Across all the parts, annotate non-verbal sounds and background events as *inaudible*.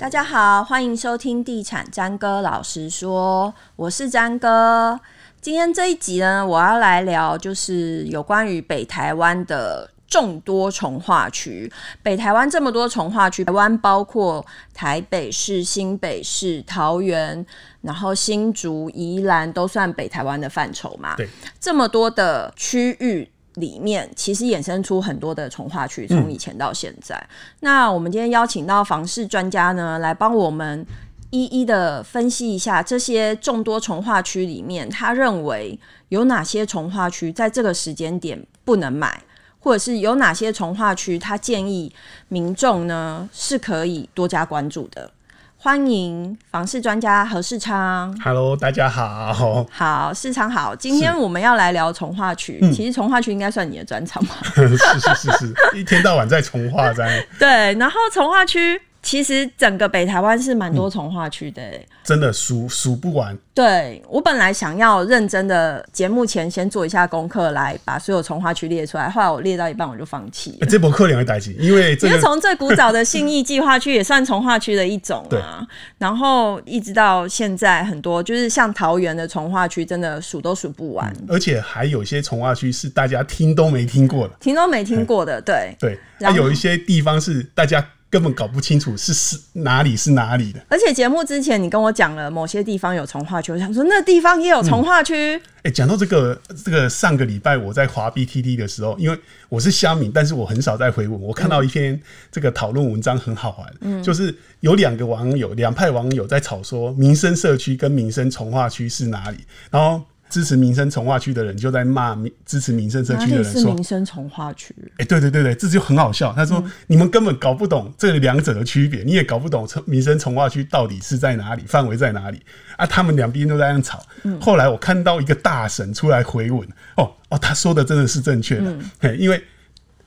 大家好，歡迎收聽《地產詹哥老實說》，我是詹哥。今天這一集呢，我要來聊就是有關於北台灣的眾多重劃區。北台灣這麼多重劃區，台灣包括台北市、新北市、桃園，然後新竹、宜蘭都算北台灣的範疇嘛？對，這麼多的區域。裡面其實衍生出很多的重劃區，從以前到現在。嗯。那我們今天邀請到房市專家呢，來幫我們一一的分析一下這些眾多重劃區裡面，他認為有哪些重劃區在這個時間點不能買，或者是有哪些重劃區他建議民眾呢是可以多加關注的。歡迎房市專家何世昌。Hello，大家好，好世昌好。今天我們要來聊重劃區，嗯、其實重劃區應該算你的專長吧？是是是是，一天到晚在重劃這樣， *laughs* 對，然後重劃區。其實整個北台灣是蠻多重劃區的、欸嗯，真的數數不完。對，我本來想要認真的節目前先做一下功課，來把所有重劃區列出來，後來我列到一半我就放棄、欸。這不可兩的打擊，因為從、這個、最古早的信義計劃區也算重劃區的一種啊，對然後一直到現在很多，就是像桃園的重劃區，真的數都數不完、嗯。而且還有一些重劃區是大家聽都沒聽過的，嗯、聽都沒聽過的，對對，然後、啊、有一些地方是大家。根本搞不清楚是是哪裡是哪裡的，而且節目之前你跟我講了某些地方有重劃區，我想說那地方也有重劃區。哎、嗯，講、欸、到這個這個上個禮拜我在滑 P T T 的時候，因為我是鄉民，但是我很少在回文，我看到一篇這個討論文章很好玩，嗯、就是有兩個網友兩派網友在吵說民生社區跟民生重劃區是哪裡，然後。支持民生重劃區的人就在罵，支持民生社區的人說，是民生重劃區，哎，欸、對對對對，這就很好笑。他說，嗯、你們根本搞不懂這兩者的區別，你也搞不懂從民生重劃區到底是在哪裡，範圍在哪裡。啊，他們兩邊都在那樣吵。嗯、後來我看到一個大神出來回文：「哦哦，他說的真的是正確的、嗯嘿，因為。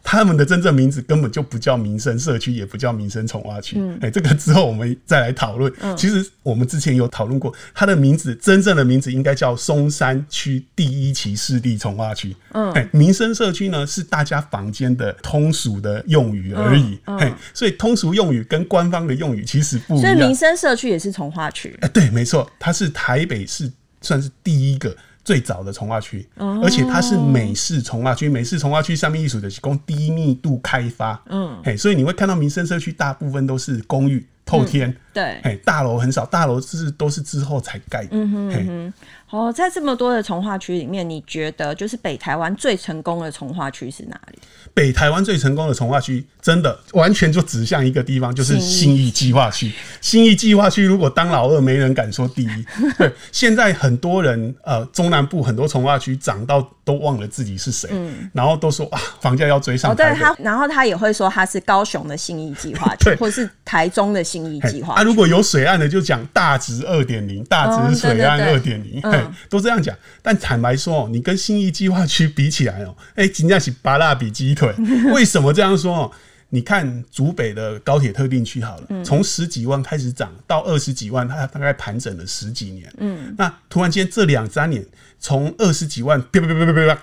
他們的真正名字根本就不叫民生社區，也不叫民生重劃區。哎、嗯欸，這個之後我們再來討論。嗯、其實我們之前有討論過，它的名字真正的名字應該叫松山區第一期市地重劃區、嗯欸。民生社區呢是大家房間的通俗的用語而已、嗯嗯欸。所以通俗用語跟官方的用語其實不一樣。一所以民生社區也是重劃區。哎，欸、對，沒錯，它是台北市算是第一個。最早的重劃區，哦、而且它是美式重劃區，美式重劃區上面藝術的提供低密度開發，嗯，所以你會看到民生社區大部分都是公寓、嗯、透天，嗯、對，大樓很少，大樓是都是之後才蓋的，嗯哼嗯哼哦，在這麼多的重劃區裡面，你覺得就是北台灣最成功的重劃區是哪裡？北台灣最成功的重劃區，真的完全就指向一個地方，就是信義計劃區。信義計劃區如果當老二，沒人敢說第一。 *laughs* 對，現在很多人呃，中南部很多重劃區漲到都忘了自己是誰，嗯、然後都說啊，房價要追上台，哦。對他，然後他也會說他是高雄的信義計劃區，對或是台中的信義計劃。啊，如果有水岸的，就講大直二點零，大直水岸二點零。對對對嗯都這樣講，但坦白說哦，你跟信義計劃區比起來哦，哎、欸，真的是八蠟比雞腿。 *laughs* 為什麼這樣說哦？你看，竹北的高鐵特定區好了，從十幾萬開始漲到二十幾萬，它大概盤整了十幾年。嗯， *laughs* 那突然間這兩三年，從二十幾萬，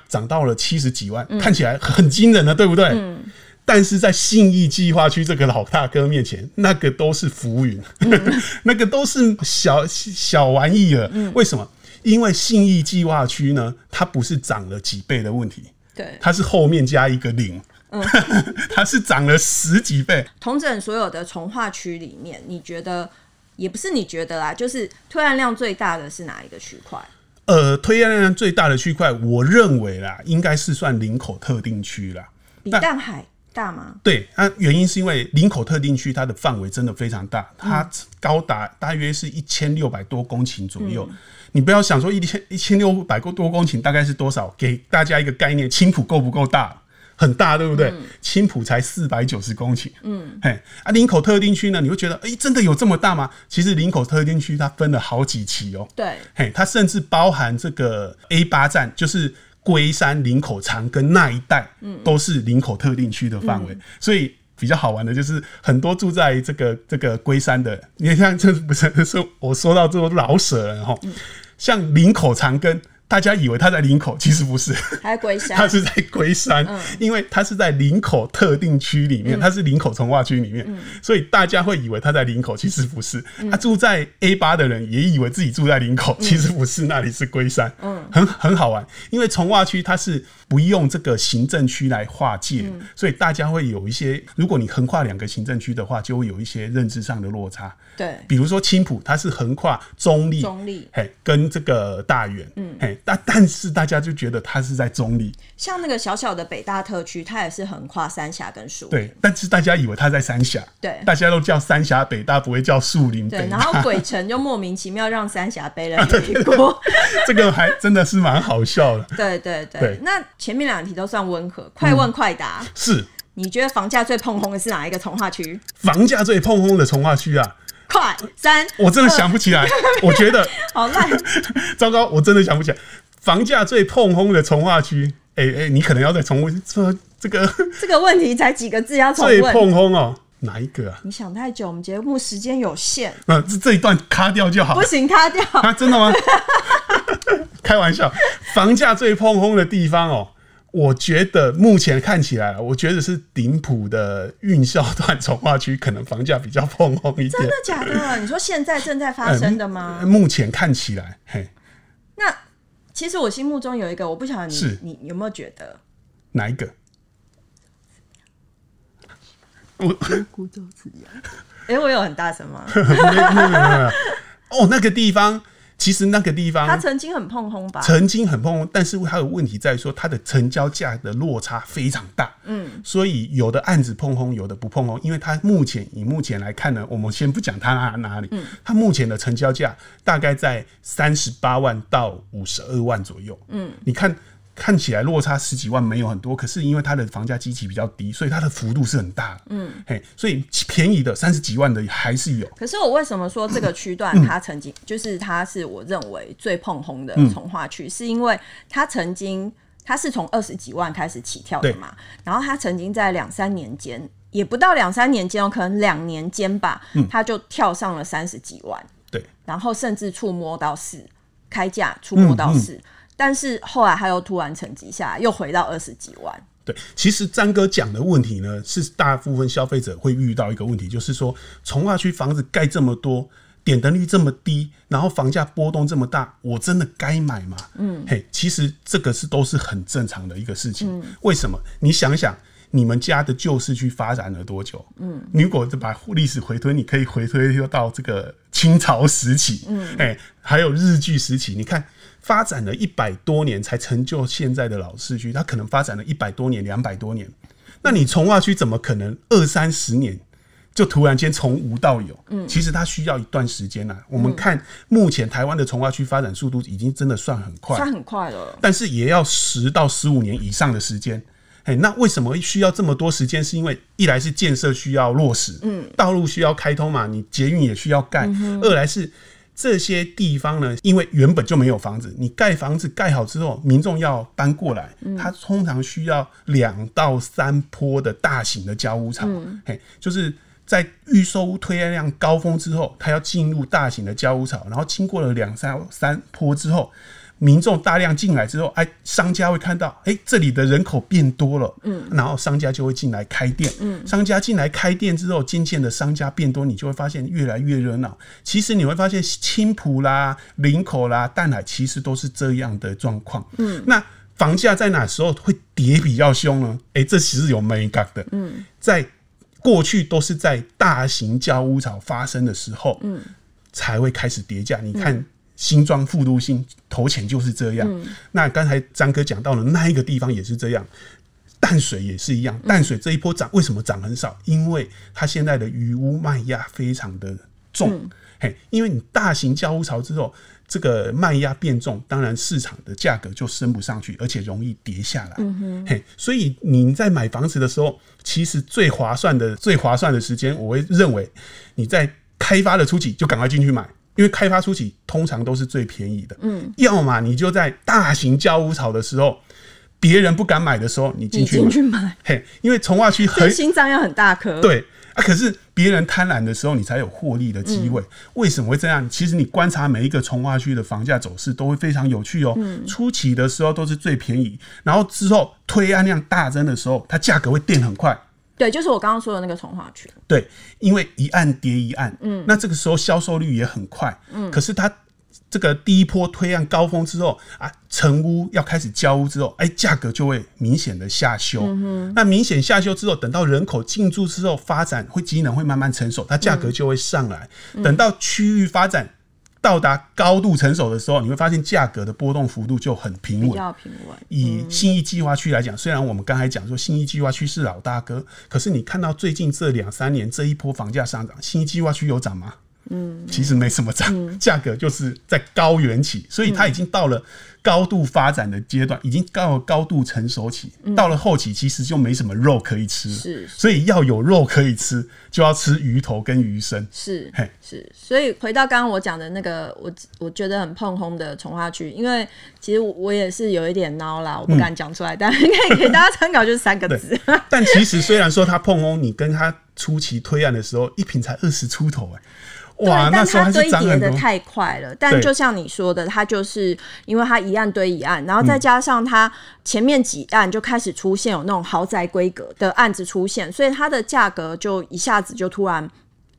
漲到了七十幾萬，看起來很驚人了，對不對？ *laughs* 但是在信義計劃區這個老大哥面前，那個都是浮雲， *laughs* *laughs* 那個都是小小玩意兒。 *laughs* 為什麼？因為信義計劃區呢，它不是漲了幾倍的問題，對，它是後面加一個零，嗯、呵呵，它是漲了十幾倍。統 *laughs* 整所有的重劃區裡面，你覺得，也不是你覺得啦，就是推案量最大的是哪一個區塊？呃，推案量最大的區塊，我認為啦，應該是算林口特定區啦。比淡海。大嗎？對，那、啊、原因是因為林口特定區它的範圍真的非常大，它高達大約是一千六百多公頃左右。嗯、你不要想說一千一千六百多公頃大概是多少？給大家一個概念，青埔夠不夠大？很大，對不對？青、嗯、埔才四百九十公頃。嗯，嘿，啊，林口特定區呢，你會覺得，哎、欸，真的有這麼大嗎？其實林口特定區它分了好幾期哦、喔。對，嘿，它甚至包含這個 A 八站，就是。龜山林口長庚那一帶都是林口特定區的範圍，所以比較好玩的就是很多住在這個這個龜山的，你看像這不是，是我說到這種老舍了齁，像林口長庚。大家以為他在林口，其實不是，他是在龜山，因為他是在林口特定區裡面，他是林口重劃區裡面，所以大家會以為他在林口，其實不是。他住在 A8 的人也以為自己住在林口，其實不是，那裡是龜山，嗯，很很好玩。因為重劃區它是不用這個行政區來劃界，所以大家會有一些，如果你橫跨兩個行政區的話，就會有一些認知上的落差。對，比如說青埔，它是橫跨中壢，中壢，跟這個大園嗯，.但但是大家就覺得它是在中立，像那個小小的北大特區，它也是橫跨三峽跟樹林。對，但是大家以為它在三峽。對，大家都叫三峽北，北大，不會叫樹林北大。對，然後鬼城就莫名其妙讓三峽背了黑鍋， *laughs* 這個還真的是蠻好笑的。對對對，對那前面兩題都算溫和，快問快答。嗯、是，你覺得房價最澎風的是哪一個重劃區？房價最澎風的重劃區啊。快三！我真的想不起來， *laughs* 我覺得好爛， *laughs* 糟糕！我真的想不起來，房價最澎風的重劃區，誒、欸、誒、欸、你可能要再重溫說這個這個問題才幾個字要重？最澎風哦、喔，哪一個啊？你想太久，我們節目時間有限，嗯，這一段卡掉就好，不行，卡掉，啊、真的嗎？ *laughs* *laughs* 開玩笑，房價最澎風的地方哦、喔。我覺得目前看起來，我覺得是頂埔的運銷段重劃區可能房價比較澎風一點。真的假的啊？你說現在正在發生的嗎？欸、目前看起來，嘿。那其實我心目中有一個，我不曉得你是你有沒有覺得哪一個？我子哎，我有很大聲嗎？ *laughs* 哦，那個地方。其實那個地方，他曾經很澎風吧？曾經很澎風，但是還有問題在於說，它的成交價的落差非常大。嗯，所以有的案子澎風，有的不澎風，因為它目前以目前來看呢，我們先不講它啊哪裡。嗯，它目前的成交價大概在三十八萬到五十二萬左右。嗯，你看。看起來落差十幾萬沒有很多，可是因為它的房價基期比較低，所以它的幅度是很大的。嗯，嘿，所以便宜的三十幾萬的還是有。可是我為什麼說這個區段它曾經、嗯、就是它是我認為最澎風的重劃區，嗯、是因為它曾經它是從二十幾萬開始起跳的嘛，對然後它曾經在兩三年間也不到兩三年間、喔、可能兩年間吧，它就跳上了三十幾萬。對、嗯，然後甚至觸摸到四開價，觸摸到四。開但是後來他又突然成績下來，又回到二十幾萬。對，其實詹哥講的問題呢，是大部分消費者會遇到一個問題，就是說，重劃區房子蓋這麼多，點燈率這麼低，然後房價波動這麼大，我真的該買嗎？嗯，嘿，hey, 其實這個是都是很正常的一個事情。嗯，為什麼？你想想，你們家的舊市區發展了多久？嗯，你如果把歷史回推，你可以回推又到這個清朝時期，嗯，哎，hey, 還有日據時期，你看。發展了一百多年才成就現在的老市區，它可能發展了一百多年，兩百多年。那你重劃區怎麼可能二三十年就突然間從無到有？嗯，其實它需要一段時間吶，啊。嗯，我們看目前台灣的重劃區發展速度已經真的算很快，算很快了。但是也要十到十五年以上的時間。嘿，那為什麼需要這麼多時間？是因為一來是建設需要落實，嗯，道路需要開通嘛，你捷運也需要蓋；嗯，哼二來是。這些地方呢，因為原本就沒有房子，你蓋房子蓋好之後，民眾要搬過來，嗯、他通常需要兩到三波的大型的交屋潮、嗯，就是在預售屋推案量高峰之後，他要進入大型的交屋潮，然後經過了兩到三波之後。民眾大量進來之後，哎、啊，商家會看到，哎、欸，這裡的人口變多了，嗯，然後商家就會進來開店，嗯，商家進來開店之後，漸漸的商家變多，你就會發現越來越熱鬧。其實你會發現，青埔啦、林口啦、淡海，其實都是這樣的狀況，嗯。那房價在哪時候會跌比較凶呢？哎、欸，這其實有美感的，嗯，在過去都是在大型交屋潮發生的時候，嗯，才會開始跌價，你看。嗯新莊副都心頭前就是這樣。嗯、那剛才詹哥講到了那一個地方也是這樣，淡水也是一樣。淡水這一波漲為什麼漲很少？嗯、因為它現在的餘屋賣壓非常的重。嗯、嘿，因為你大型交屋潮之後，這個賣壓變重，當然市場的價格就升不上去，而且容易跌下來。嗯哼。嘿，所以你在買房子的時候，其實最划算的、最划算的時間，我會認為你在開發的初期就趕快進去買。因為開發初期通常都是最便宜的，嗯，要麼你就在大型交屋潮的時候，別人不敢買的時候，你進去進去買，去買嘿，因為重劃區很心臟要很大顆，對啊，可是別人貪婪的時候，你才有獲利的機會。嗯、為什麼會這樣？其實你觀察每一個重劃區的房價走勢都會非常有趣哦。嗯、初期的時候都是最便宜，然後之後推案量大增的時候，它價格會跌很快。對，就是我剛剛說的那個重劃區。對，因為一案疊一案，嗯，那這個時候銷售率也很快，嗯，可是它這個第一波推案高峰之後啊，成屋要開始交屋之後，哎、欸，價格就會明顯的下修。嗯、哼那明顯下修之後，等到人口進駐之後，發展會機能會慢慢成熟，它價格就會上來。嗯、等到區域發展。到達高度成熟的時候，你會發現價格的波動幅度就很平穩，比較平穩。以信義計畫區來講，嗯、雖然我們剛才講說信義計畫區是老大哥，可是你看到最近這兩三年這一波房價上漲，信義計畫區有漲嗎？嗯，其實沒什麼漲，價、嗯、格就是在高原期，所以它已經到了。高度發展的階段，已經到高度成熟期，嗯、到了後期其實就沒什麼肉可以吃了，是，所以要有肉可以吃，就要吃魚頭跟魚身，是，嘿是，所以回到剛剛我講的那個，我我覺得很澎風的重劃區，因為其實我，我也是有一點孬啦，我不敢講出來，嗯、但可以給大家參考，就是三個字。對 *laughs* 但其實雖然說他澎風，你跟他初期推案的時候，一坪才二十出頭，欸，哎，哇對那是，但他堆疊的太快了，但就像你說的，他就是因為他一。一案堆一案，然後再加上它前面幾案就開始出現有那種豪宅規格的案子出現，所以它的價格就一下子就突然。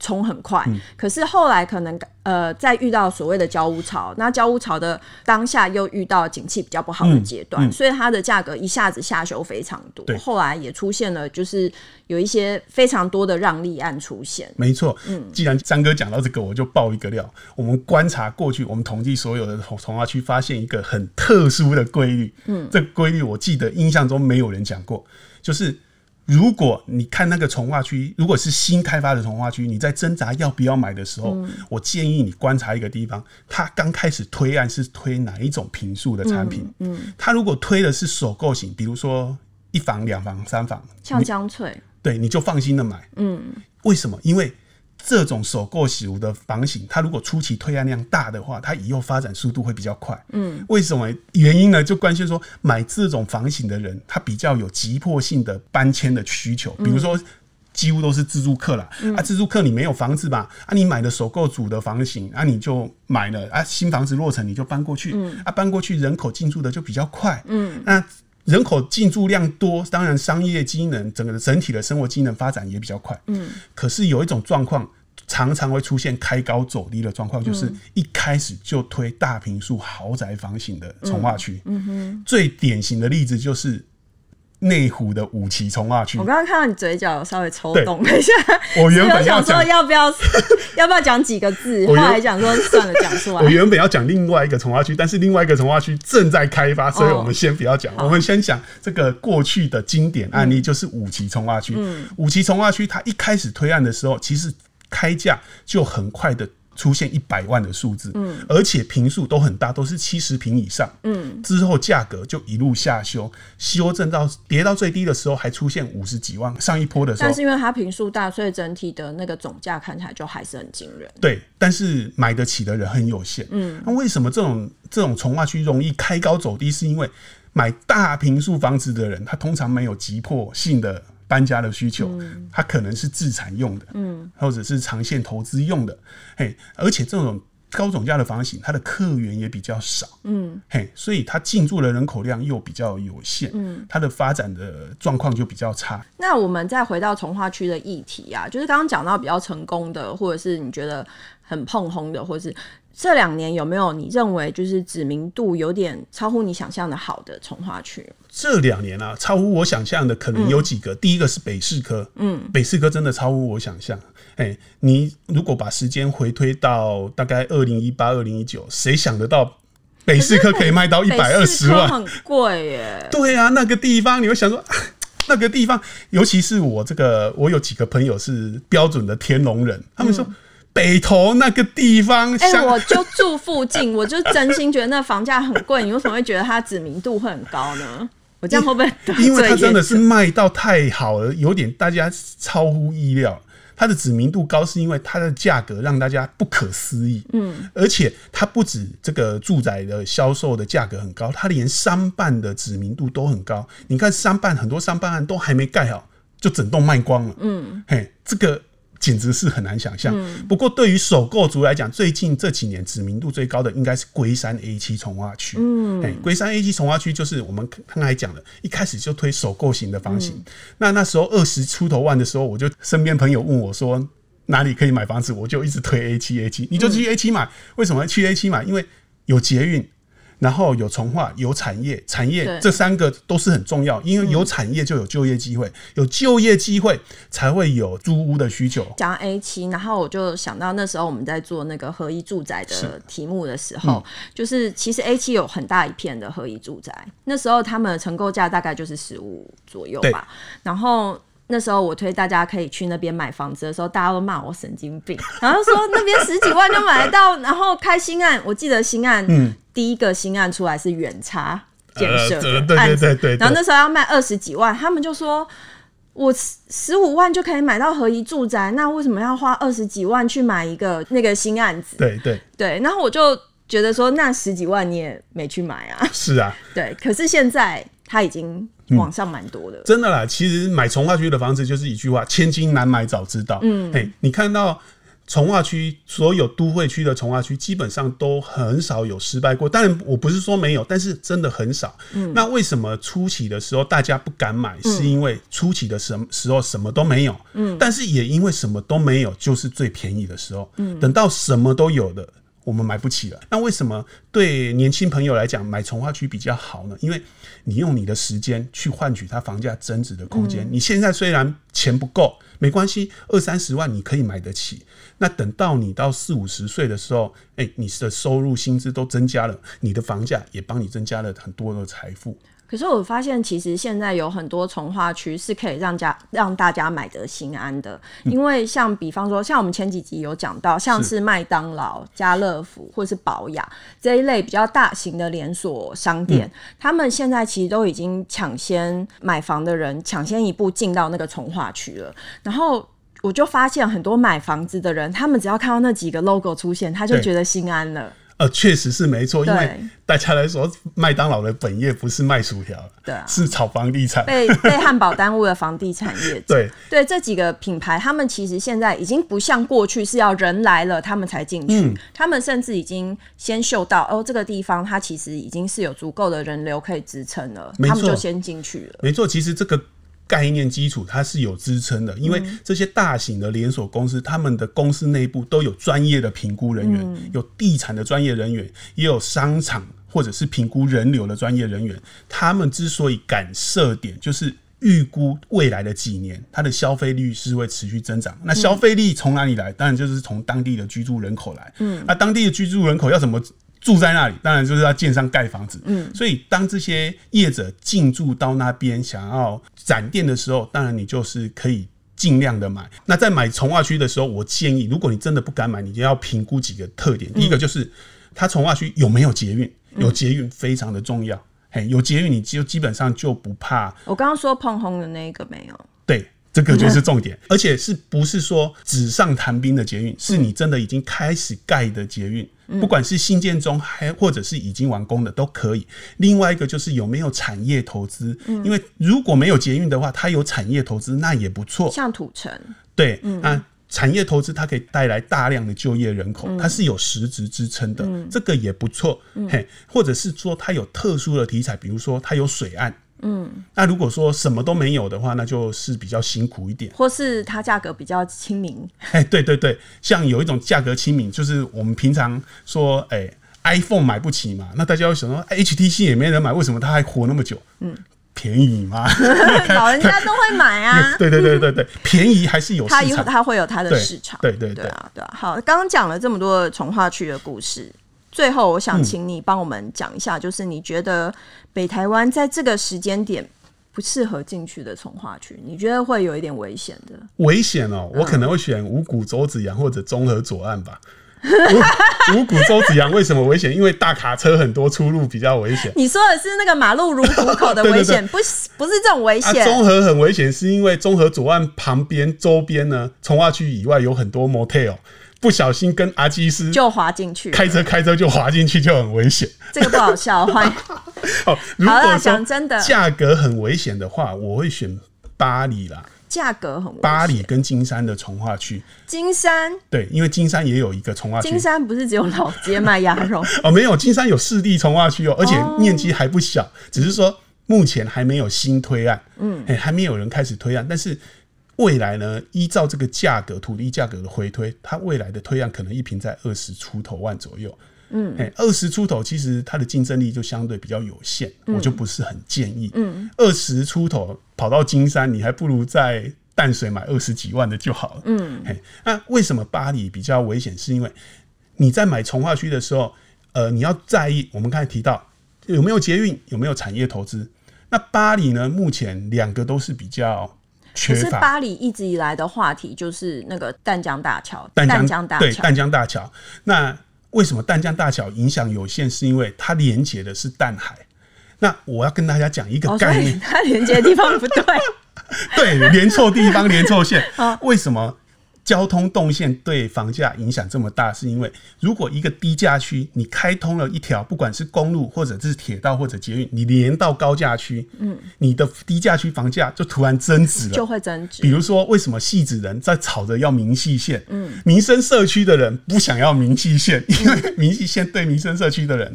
衝很快，嗯、可是後來可能呃，再遇到所謂的交屋潮，那交屋潮的當下又遇到景氣比較不好的階段，嗯嗯、所以它的價格一下子下修非常多。對後來也出現了就是有一些非常多的讓利案出現。沒錯錯，嗯，既然詹哥講到這個，我就爆一個料。我們觀察過去，我們統計所有的重重劃區，發現一個很特殊的規律。嗯，這規律我記得印象中沒有人講過，就是。如果你看那個重劃區，如果是新開發的重劃區，你在掙扎要不要買的時候，嗯、我建議你觀察一個地方，他剛開始推案是推哪一種坪數的產品？嗯嗯、他如果推的是首購型，比如說一房、兩房、三房，像江翠，對，你就放心的買。嗯，為什麼？因為。這種首購族的房型，它如果初期推案量大的話，它以後發展速度會比較快。嗯，為什麼原因呢？就關心說，買這種房型的人，他比較有急迫性的搬遷的需求，比如說、嗯、幾乎都是自住客了。嗯、啊，自住客你沒有房子吧？啊，你買的首購族的房型，啊，你就買了啊，新房子落成你就搬過去。嗯、啊，搬過去人口進駐的就比較快。嗯，那、啊。人口進駐量多，當然商業機能，整個整體的生活機能發展也比較快。嗯，可是有一種狀況常常會出現開高走低的狀況，嗯、就是一開始就推大坪數豪宅房型的重劃區。嗯哼，最典型的例子就是。內湖的五期重劃區，我剛剛看到你嘴角稍微抽動了對一下，我原本 *laughs* 我想說要不要 *laughs* 要不要講幾個字，原後來還想說算了，講不完。我原本要講另外一個重劃區，但是另外一個重劃區正在開發，所以我們先不要講，哦、我們先講這個過去的經典案例，就是五期重劃區。嗯嗯、五期重劃區它一開始推案的時候，其實開價就很快的。出現一百萬的數字，嗯，而且坪數都很大，都是七十坪以上，嗯，之後價格就一路下修，修正到跌到最低的時候，還出現五十幾萬，上一波的時候，但是因為它坪數大，所以整體的那個總價看起來就還是很驚人。對，但是買得起的人很有限。嗯，那、啊、為什麼這種這種重劃區容易開高走低？是因為買大坪數房子的人，他通常沒有急迫性的。搬家的需求，它、嗯、可能是自產用的，嗯，或者是長線投資用的，嗯、嘿，而且這種高總價的房型，它的客源也比較少，嗯，嘿，所以它進駐的人口量又比較有限，嗯，它的發展的狀況就比較差。那我們再回到重劃區的議題啊，就是剛剛講到比較成功的，或者是你覺得很澎風的，或者是。這兩年有沒有你認為就是指名度有點超乎你想象的好的重劃區？這兩年啊，超乎我想象的可能有幾個。嗯、第一個是北士科，嗯，北士科真的超乎我想象。哎、欸，你如果把時間回推到大概二零一八、二零一九，誰想得到北士科可以賣到一百二十萬？很貴耶！ *laughs* 對啊，那個地方你會想說，那個地方，尤其是我這個，我有幾個朋友是標準的天龍人，他們說。嗯北投那個地方，像，哎、欸，我就住附近， *laughs* 我就真心覺得那房價很貴。你為什麼會覺得它指名度會很高呢？我這樣問。因為它真的是賣到太好了， *laughs* 有點大家超乎意料。它的指名度高，是因為它的價格讓大家不可思議。嗯，而且它不止這個住宅的銷售的價格很高，它連商辦的指名度都很高。你看商辦很多商辦案都還沒蓋好，就整棟賣光了。嗯，嘿，這個。簡直是很難想象。不過對於首購族來講，最近這幾年知名度最高的應該是龜山 A 七重劃區。嗯，龜山 A 七重劃區就是我們剛才講的一開始就推首購型的房型。那那時候二十出頭萬的時候，我就身邊朋友問我說哪裡可以買房子，我就一直推 A 七 A 七，你就去 A 七買。為什麼要去 A 七買？因為有捷運。然後有重劃有產業，產業這三個都是很重要，對因為有產業就有就業機會，嗯、有就業機會才會有租屋的需求。講 A7，然後我就想到那時候我們在做那個合宜住宅的題目的時候，是嗯、就是其實 A7 有很大一片的合宜住宅，那時候他們的成購價大概就是十五左右吧。對然後那時候我推大家可以去那邊買房子的時候，大家都罵我神經病，然後說那邊十幾萬就買得到， *laughs* 然後開新案，我記得新案，嗯。第一個新案出來是遠差建設、呃、對對對對，對，然後那時候要賣二十幾萬，他們就說我十五萬就可以買到合宜住宅，那為什麼要花二十幾萬去買一個那個新案子？對對對，對，然後我就覺得說，那十幾萬你也沒去買啊？是啊，對。可是現在他已經往上蠻多的，嗯，真的啦。其實買重劃區的房子就是一句話：千金難買早知道。嗯，嘿，hey, 你看到。重劃區，所有都會區的重劃區基本上都很少有失敗過，當然我不是說沒有，但是真的很少。嗯、那為什麼初期的時候大家不敢買？是因為初期的時候什麼都沒有，嗯、但是也因為什麼都沒有，就是最便宜的時候。嗯、等到什麼都有的，我們買不起了，那為什麼對年輕朋友來講，買重劃區比較好呢？因為你用你的時間去換取它房價增值的空間。嗯、你現在雖然錢不夠，沒關係，二三十萬你可以買得起。那等到你到四五十歲的時候，誒、欸，你的收入薪資都增加了，你的房價也幫你增加了很多的財富。可是我發現，其實現在有很多重劃區，是可以讓家讓大家買得心安的。嗯、因為像比方說，像我們前幾集有講到，像是麥當勞、家樂福或是寶雅是這一類比較大型的連鎖商店，嗯、他們現在其實都已經搶先買房的人搶先一步進到那個重劃區了。然後我就發現，很多買房子的人，他們只要看到那幾個 logo 出現，他就覺得心安了。呃，確實是沒錯，對因為大家來說，麥當勞的本業不是賣薯條，對啊，是炒房地產，被被漢堡耽誤了房地產業。對，對，這幾個品牌，他們其實現在已經不像過去是要人來了他們才進去，嗯、他們甚至已經先嗅到哦，這個地方它其實已經是有足夠的人流可以支撐了，錯他們就先進去了。沒錯，其實這個。概念基礎它是有支撐的，因為這些大型的連鎖公司，他們的公司內部都有專業的評估人員，有地產的專業人員，也有商場或者是評估人流的專業人員。他們之所以敢設點，就是預估未來的幾年，它的消費率是會持續增長。那消費力從哪裡來？當然就是從當地的居住人口來。嗯，那當地的居住人口要怎麼？住在那裡，當然就是要建商蓋房子。嗯，所以當這些業者進駐到那邊想要展店的時候，當然你就是可以盡量的買。那在買重劃區的時候，我建議，如果你真的不敢買，你就要評估幾個特點。嗯、第一個就是他重劃區有沒有捷運，有捷運非常的重要。嗯、嘿，有捷運你就基本上就不怕。我剛剛說澎風的那個沒有。對。這個就是重點，而且是不是說紙上談兵的捷運，是你真的已經開始蓋的捷運，不管是新建中還或者是已經完工的都可以。另外一個就是有沒有產業投資，因為如果沒有捷運的話，它有產業投資那也不錯，像土城，對啊，產業投資它可以帶來大量的就業人口，它是有實質支撐的，這個也不錯。嘿，或者是說它有特殊的題材，比如說它有水岸。嗯，那如果說什麼都沒有的話，那就是比較辛苦一點，或是它價格比較親民。哎、欸，對對對，像有一種價格親民，就是我們平常說，哎、欸、，iPhone 買不起嘛，那大家會想說、欸、，HTC 也沒人買，為什麼它還活那麼久？嗯，便宜嘛， *laughs* 老人家都會買啊。 *laughs* 對對對對對，便宜還是有市場。它有，它會有它的市場。對對對，對，對啊，對啊。好，剛剛講了這麼多重劃區的故事。最後，我想請你幫我們講一下，嗯、就是你覺得北台灣在這個時間點不適合進去的重劃區，你覺得會有一點危險的？危險哦，嗯、我可能會選五股、洲子洋或者中和左岸吧。 *laughs* 五股、洲子洋為什麼危險？ *laughs* 因為大卡車很多，出入比較危險。你說的是那個馬路如虎口的危險，不 *laughs* 對不是這種危險啊。中和很危險，是因為中和左岸旁邊周邊呢，重劃區以外有很多 motel。不小心跟阿基斯就滑進去，開車開車就滑進去就很危險。這個不好笑，歡迎、 *laughs* 哦。好，講真的，價格很危險的話，我會選巴黎啦。價格很危險。巴黎跟金山的重劃區，金山對，因為金山也有一個重劃區。金山不是只有老街賣鴨肉 *laughs* 哦？沒有，金山有四地重劃區哦，而且面積還不小，哦、只是說目前還沒有新推案，嗯，還沒有人開始推案，但是。未來呢？依照這個價格，土地價格的回推，它未來的推量可能一坪在二十出頭萬左右。嗯，二十出頭其實它的競爭力就相對比較有限，嗯、我就不是很建議。嗯，二十出頭跑到金山，你還不如在淡水買二十幾萬的就好了。嗯，那為什麼巴黎比較危險？是因為你在買重劃區的時候，呃，你要在意我們剛才提到有沒有捷運，有沒有產業投資。那巴黎呢？目前兩個都是比較。其實八里一直以來的話題，就是那個淡江大橋。淡江，淡江大橋，對，淡江大橋。那為什麼淡江大橋影響有限？是因為它連接的是淡海。那我要跟大家講一個概念，哦、它連接的地方不對， *laughs* 對，連錯地方， *laughs* 連錯線、啊、為什麼？交通動線對房價影響這麼大，是因為如果一個低價區你開通了一條，不管是公路或者是鐵道或者捷運，你連到高價區，嗯，你的低價區房價就突然增值了，就會增值。比如說，為什麼汐止人在吵着要民汐線？嗯，民生社區的人不想要民汐線，因為民汐線對民生社區的人、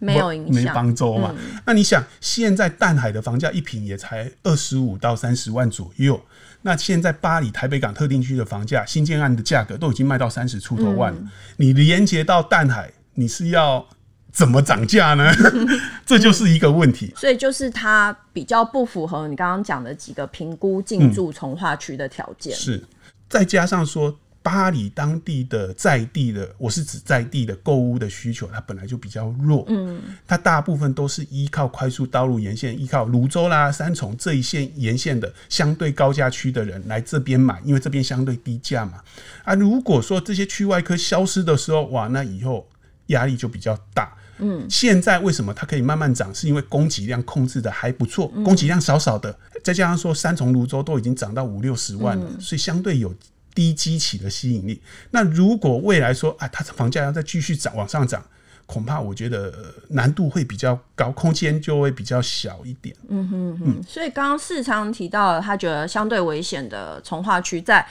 嗯、沒有影響，沒幫助嘛。嗯、那你想，現在淡海的房價一坪也才二十五到三十萬左右。那現在八里台北港特定區的房價，新建案的價格都已經賣到三十出頭萬了。嗯、你連接到淡海，你是要怎麼漲價呢？嗯、 *laughs* 這就是一個問題、嗯。所以就是它比較不符合你剛剛講的幾個評估進駐重劃區的條件、嗯。是，再加上說。八里當地的在地的，我是指在地的購物的需求，它本來就比較弱，嗯，它大部分都是依靠快速道路沿線，依靠蘆洲啦、三重這一線沿線的相對高價區的人來這邊買，因為這邊相對低價嘛。啊，如果說這些區外客消失的時候，哇，那以後壓力就比較大，嗯。現在為什麼它可以慢慢漲？是因為供給量控制的還不錯，供給量少少的，嗯、再加上說三重、蘆洲都已經漲到五六十萬了，嗯、所以相對有。低基期的吸引力。那如果未來說啊，它房價要再繼續漲往上漲，恐怕我覺得難度會比較高，空間就會比較小一點。嗯哼，哼嗯。所以剛剛世昌提到了，他覺得相對危險的重劃區在。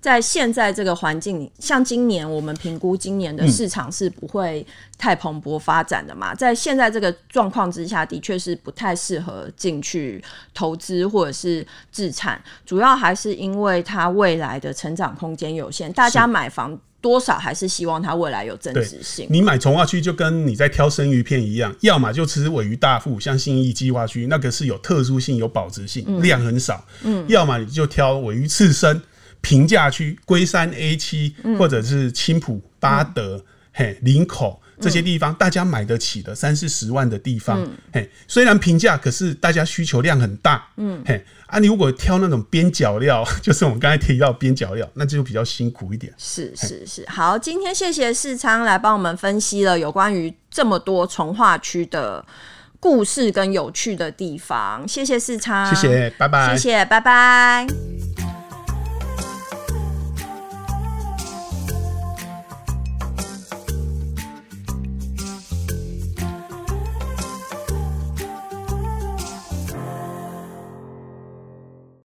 在現在這個環境，像今年我們評估今年的市場是不會太蓬勃發展的嘛。嗯、在現在這個狀況之下，的確是不太適合進去投資或者是置產，主要還是因為它未來的成長空間有限。大家買房多少還是希望它未來有增值性。你買重劃區就跟你在挑生魚片一樣，要麼就吃鮪魚大腹，像信義計劃區那個是有特殊性、有保值性，嗯、量很少。嗯，要麼你就挑鮪魚刺身。平價區，龜山 A7、嗯，或者是青浦八德、嗯、嘿，林口這些地方，嗯、大家買得起的三四十萬的地方，嗯、嘿，雖然平價，可是大家需求量很大，嗯，啊，你如果挑那種邊角料，就是我們剛才提到邊角料，那就比較辛苦一點。是是是，是是嘿好，今天謝謝世昌來幫我們分析了有關於這麼多重劃區的故事跟有趣的地方，謝謝世昌，謝謝，拜拜，謝謝，拜拜。嗯